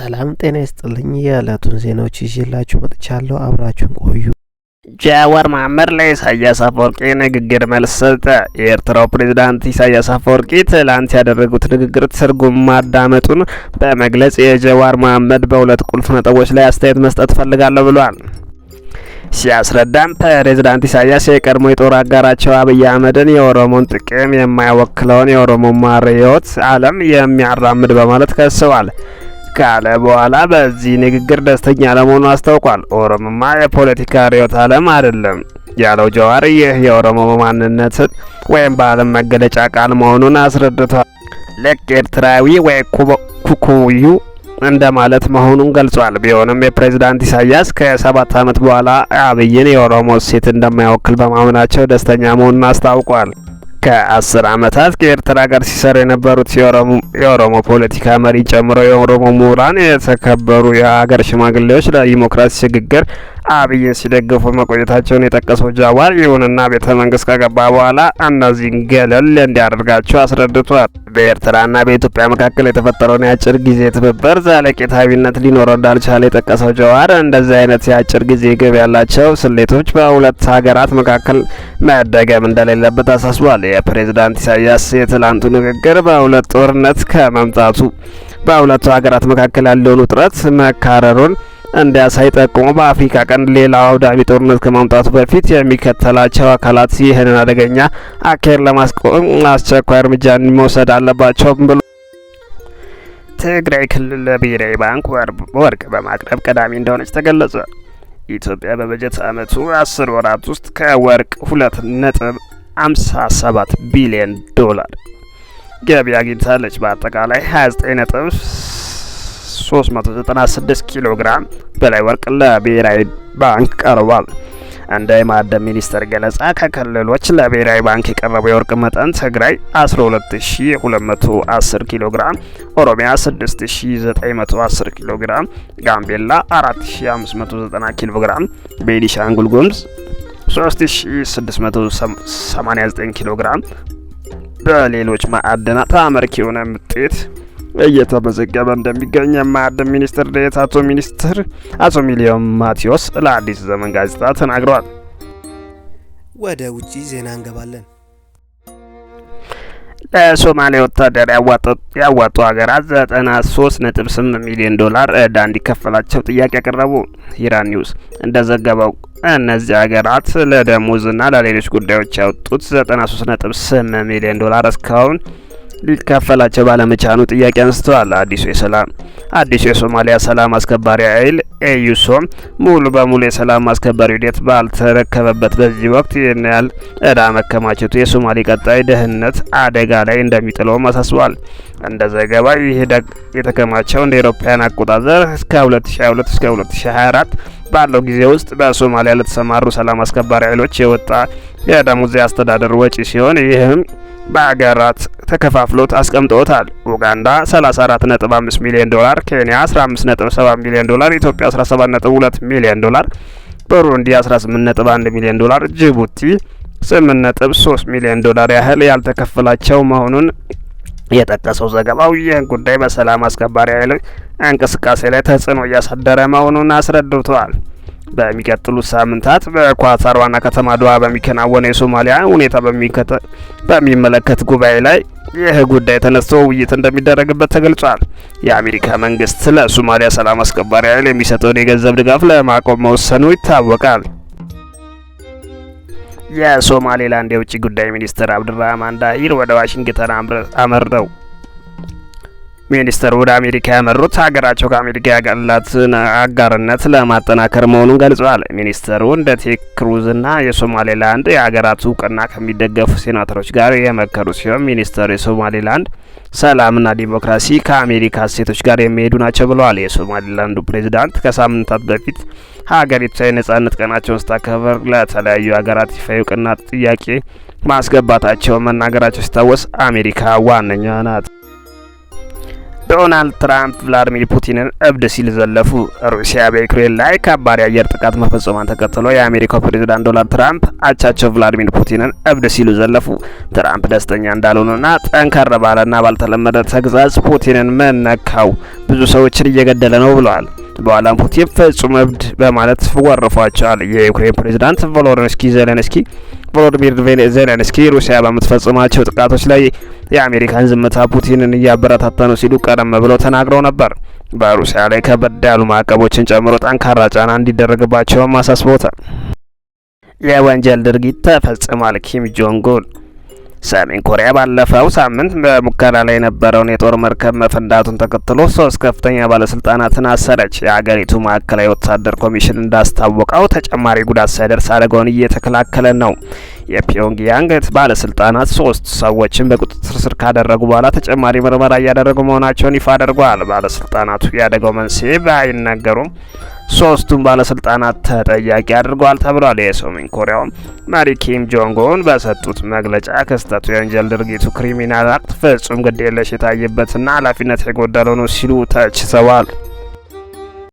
ሰላም ጤና ይስጥልኝ። የዕለቱን ዜናዎች ይዤላችሁ መጥቻለሁ። አብራችሁን ቆዩ። ጃዋር መሐመድ ለኢሳያስ አፈወርቂ ንግግር መልስ ሰጠ። የኤርትራው ፕሬዝዳንት ኢሳያስ አፈወርቂ ትላንት ያደረጉት ንግግር ትርጉም ማዳመጡን በመግለጽ የጃዋር መሐመድ በሁለት ቁልፍ ነጥቦች ላይ አስተያየት መስጠት ፈልጋለሁ ብሏል። ሲያስረዳም ፕሬዝዳንት ኢሳያስ የቀድሞ የጦር አጋራቸው አብይ አህመድን የኦሮሞን ጥቅም የማይወክለውን የኦሮሞ ማሪዎት አለም የሚያራምድ በማለት ከሰዋል። ካለ በኋላ በዚህ ንግግር ደስተኛ ለመሆኑ አስታውቋል። ኦሮምማ የፖለቲካ ርዕዮተ ዓለም አይደለም ያለው ጀዋር ይህ የኦሮሞ ማንነት ወይም በአለም መገለጫ ቃል መሆኑን አስረድቷል። ልክ ኤርትራዊ ወይ ኩኩዩ እንደማለት መሆኑን ገልጿል። ቢሆንም የፕሬዝዳንት ኢሳያስ ከሰባት ዓመት በኋላ አብይን የኦሮሞ ሴት እንደማይወክል በማመናቸው ደስተኛ መሆኑን አስታውቋል። ከአስር ዓመታት ከኤርትራ ጋር ሲሰሩ የነበሩት የኦሮሞ ፖለቲካ መሪ ጨምሮ የኦሮሞ ምሁራን፣ የተከበሩ የሀገር ሽማግሌዎች ለዲሞክራሲ ሽግግር አብይን ሲደግፉ መቆየታቸውን የጠቀሰው ጃዋር ይሁንና ቤተ መንግስት ከገባ በኋላ እነዚህን ገለል እንዲያደርጋቸው አስረድቷል። በኤርትራና በኢትዮጵያ መካከል የተፈጠረውን የአጭር ጊዜ ትብብር ዘለቄታዊነት ሊኖረው እንዳልቻለ የጠቀሰው ጀዋር እንደዚህ አይነት የአጭር ጊዜ ግብ ያላቸው ስሌቶች በሁለት ሀገራት መካከል መደገም እንደሌለበት አሳስቧል። የፕሬዝዳንት ኢሳያስ የትላንቱ ንግግር በሁለት ጦርነት ከመምጣቱ በሁለቱ ሀገራት መካከል ያለውን ውጥረት መካረሩን እንዲያሳይጠቁሙ በአፍሪካ ቀንድ ሌላ አውዳሚ ጦርነት ከማምጣቱ በፊት የሚከተላቸው አካላት ይህንን አደገኛ አካሄድ ለማስቆም አስቸኳይ እርምጃ መውሰድ አለባቸው ብሎ ትግራይ ክልል ለብሔራዊ ባንክ ወርቅ በማቅረብ ቀዳሚ እንደሆነች ተገለጸ። ኢትዮጵያ በበጀት ዓመቱ አስር ወራት ውስጥ ከወርቅ ሁለት ነጥብ አምሳ ሰባት ቢሊዮን ዶላር ገቢ አግኝታለች። በአጠቃላይ 29 ነጥብ 396 ኪሎ ግራም በላይ ወርቅ ለብሔራዊ ባንክ ቀርቧል። እንደ የማዕድን ሚኒስቴር ገለጻ ከክልሎች ለብሔራዊ ባንክ የቀረበው የወርቅ መጠን ትግራይ 12210 ኪሎ ግራም፣ ኦሮሚያ 6910 ኪሎ ግራም፣ ጋምቤላ 4590 ኪሎ ግራም፣ ቤኒሻንጉል ጉምዝ 3689 ኪሎ ግራም በሌሎች ማዕድናት አመርቂ የሆነ ውጤት እየተመዘገበ እንደሚገኝ የማዕድን ሚኒስትር ዴኤታ አቶ ሚኒስትር አቶ ሚሊዮን ማቴዎስ ለአዲስ ዘመን ጋዜጣ ተናግረዋል። ወደ ውጭ ዜና እንገባለን። ለሶማሌ ወታደር ያዋጡ ሀገራት ዘጠና ሶስት ነጥብ ስምንት ሚሊዮን ዶላር እዳ እንዲከፈላቸው ጥያቄ ያቀረቡ። ሂራን ኒውስ እንደዘገበው እነዚህ ሀገራት ለደሞዝና ለሌሎች ጉዳዮች ያወጡት ዘጠና ሶስት ነጥብ ስምንት ሚሊዮን ዶላር እስካሁን ሊካፈላቸው ባለመቻኑ ጥያቄ አንስተዋል። አዲሱ የሰላም አዲሱ የሶማሊያ ሰላም አስከባሪ ኃይል ኤዩሶም ሙሉ በሙሉ የሰላም አስከባሪ ሂደት ባልተረከበበት በዚህ ወቅት ይህን ያህል እዳ መከማቸቱ የሶማሌ ቀጣይ ደህንነት አደጋ ላይ እንደሚጥለውም አሳስቧል። እንደ ዘገባ ይህ የተከማቸው እንደ ኤሮፓያን አቆጣጠር እስከ 2022 እስከ 2024 ባለው ጊዜ ውስጥ በሶማሊያ ለተሰማሩ ሰላም አስከባሪ ኃይሎች የወጣ የደሞዝ አስተዳደር ወጪ ሲሆን ይህም በአገራት ተከፋፍሎት አስቀምጠውታል። ኡጋንዳ 34.5 ሚሊዮን ዶላር፣ ኬንያ 15.7 ሚሊዮን ዶላር፣ ኢትዮጵያ 17.2 ሚሊዮን ዶላር፣ ብሩንዲ 18.1 ሚሊዮን ዶላር፣ ጅቡቲ 8.3 ሚሊዮን ዶላር ያህል ያልተከፈላቸው መሆኑን የጠቀሰው ዘገባው ይህን ጉዳይ በሰላም አስከባሪ ኃይል እንቅስቃሴ ላይ ተጽዕኖ እያሳደረ መሆኑን አስረድቷል። በሚቀጥሉት ሳምንታት በኳታር ዋና ከተማ ድዋ በሚከናወነ የሶማሊያ ሁኔታ በሚመለከት ጉባኤ ላይ ይህ ጉዳይ ተነስቶ ውይይት እንደሚደረግበት ተገልጿል። የአሜሪካ መንግስት ለሶማሊያ ሰላም አስከባሪ ኃይል የሚሰጠውን የገንዘብ ድጋፍ ለማቆም መወሰኑ ይታወቃል። የሶማሌላንድ የውጭ ጉዳይ ሚኒስትር አብድራህማን ዳሂር ወደ ዋሽንግተን አምርተው ሚኒስትር ወደ አሜሪካ ያመሩት ሀገራቸው ከአሜሪካ ያላትን አጋርነት ለማጠናከር መሆኑን ገልጿል። ሚኒስትሩ እንደ ቴክ ክሩዝና የሶማሌላንድ የሀገራት እውቅና ከሚደገፉ ሴናተሮች ጋር የመከሩ ሲሆን ሚኒስትሩ የሶማሌላንድ ሰላምና ዲሞክራሲ ከአሜሪካ እሴቶች ጋር የሚሄዱ ናቸው ብለዋል። የሶማሌላንዱ ፕሬዚዳንት ከሳምንታት በፊት ሀገሪቷ የነጻነት ቀናቸውን ስታከብር ለተለያዩ ሀገራት ይፋ እውቅና ጥያቄ ማስገባታቸው መናገራቸው ሲታወስ አሜሪካ ዋነኛ ናት። ዶናልድ ትራምፕ ቭላዲሚር ፑቲንን እብድ ሲል ዘለፉ። ሩሲያ በዩክሬን ላይ ከባድ የአየር ጥቃት መፈጸሟን ተከትሎ የአሜሪካው ፕሬዝዳንት ዶናልድ ትራምፕ አቻቸው ቭላዲሚር ፑቲንን እብድ ሲሉ ዘለፉ። ትራምፕ ደስተኛ እንዳልሆኑና ጠንከር ባለና ባልተለመደ ተግዛዝ ፑቲንን መነካው ብዙ ሰዎችን እየገደለ ነው ብለዋል። በኋላም ፑቲን ፍጹም እብድ በማለት ወርፏቸዋል። የዩክሬን ፕሬዝዳንት ቮሎዶሚር ዜሌንስኪ ቮሎዲሚር ዜሌንስኪ ሩሲያ በምትፈጽማቸው ጥቃቶች ላይ የአሜሪካን ዝምታ ፑቲንን እያበረታታ ነው ሲሉ ቀደም ብለው ተናግረው ነበር። በሩሲያ ላይ ከበድ ያሉ ማዕቀቦችን ጨምሮ ጠንካራ ጫና እንዲደረግባቸውም አሳስበውታል። የወንጀል ድርጊት ተፈጽሟል ኪም ጆንግ ኡን ሰሜን ኮሪያ ባለፈው ሳምንት በሙከራ ላይ የነበረውን የጦር መርከብ መፈንዳቱን ተከትሎ ሶስት ከፍተኛ ባለስልጣናትን አሰረች። የአገሪቱ ማዕከላዊ ወታደር ኮሚሽን እንዳስታወቀው ተጨማሪ ጉዳት ሳይደርስ አደጋውን እየተከላከለ ነው። የፒዮንግያንግ ባለስልጣናት ሶስት ሰዎችን በቁጥጥር ስር ካደረጉ በኋላ ተጨማሪ ምርመራ እያደረጉ መሆናቸውን ይፋ አድርጓል። ባለስልጣናቱ የአደጋው መንስኤ ባይነገሩም ሶስቱም ባለስልጣናት ተጠያቂ አድርጓል ተብሏል። የሰሜን ኮሪያው መሪ ኪም ጆንግ ኡን በሰጡት መግለጫ ክስተቱ የወንጀል ድርጊቱ ክሪሚናል አክት ፍጹም ግዴለሽ የታየበትና ኃላፊነት የጎደለው ነው ሲሉ ተችተዋል።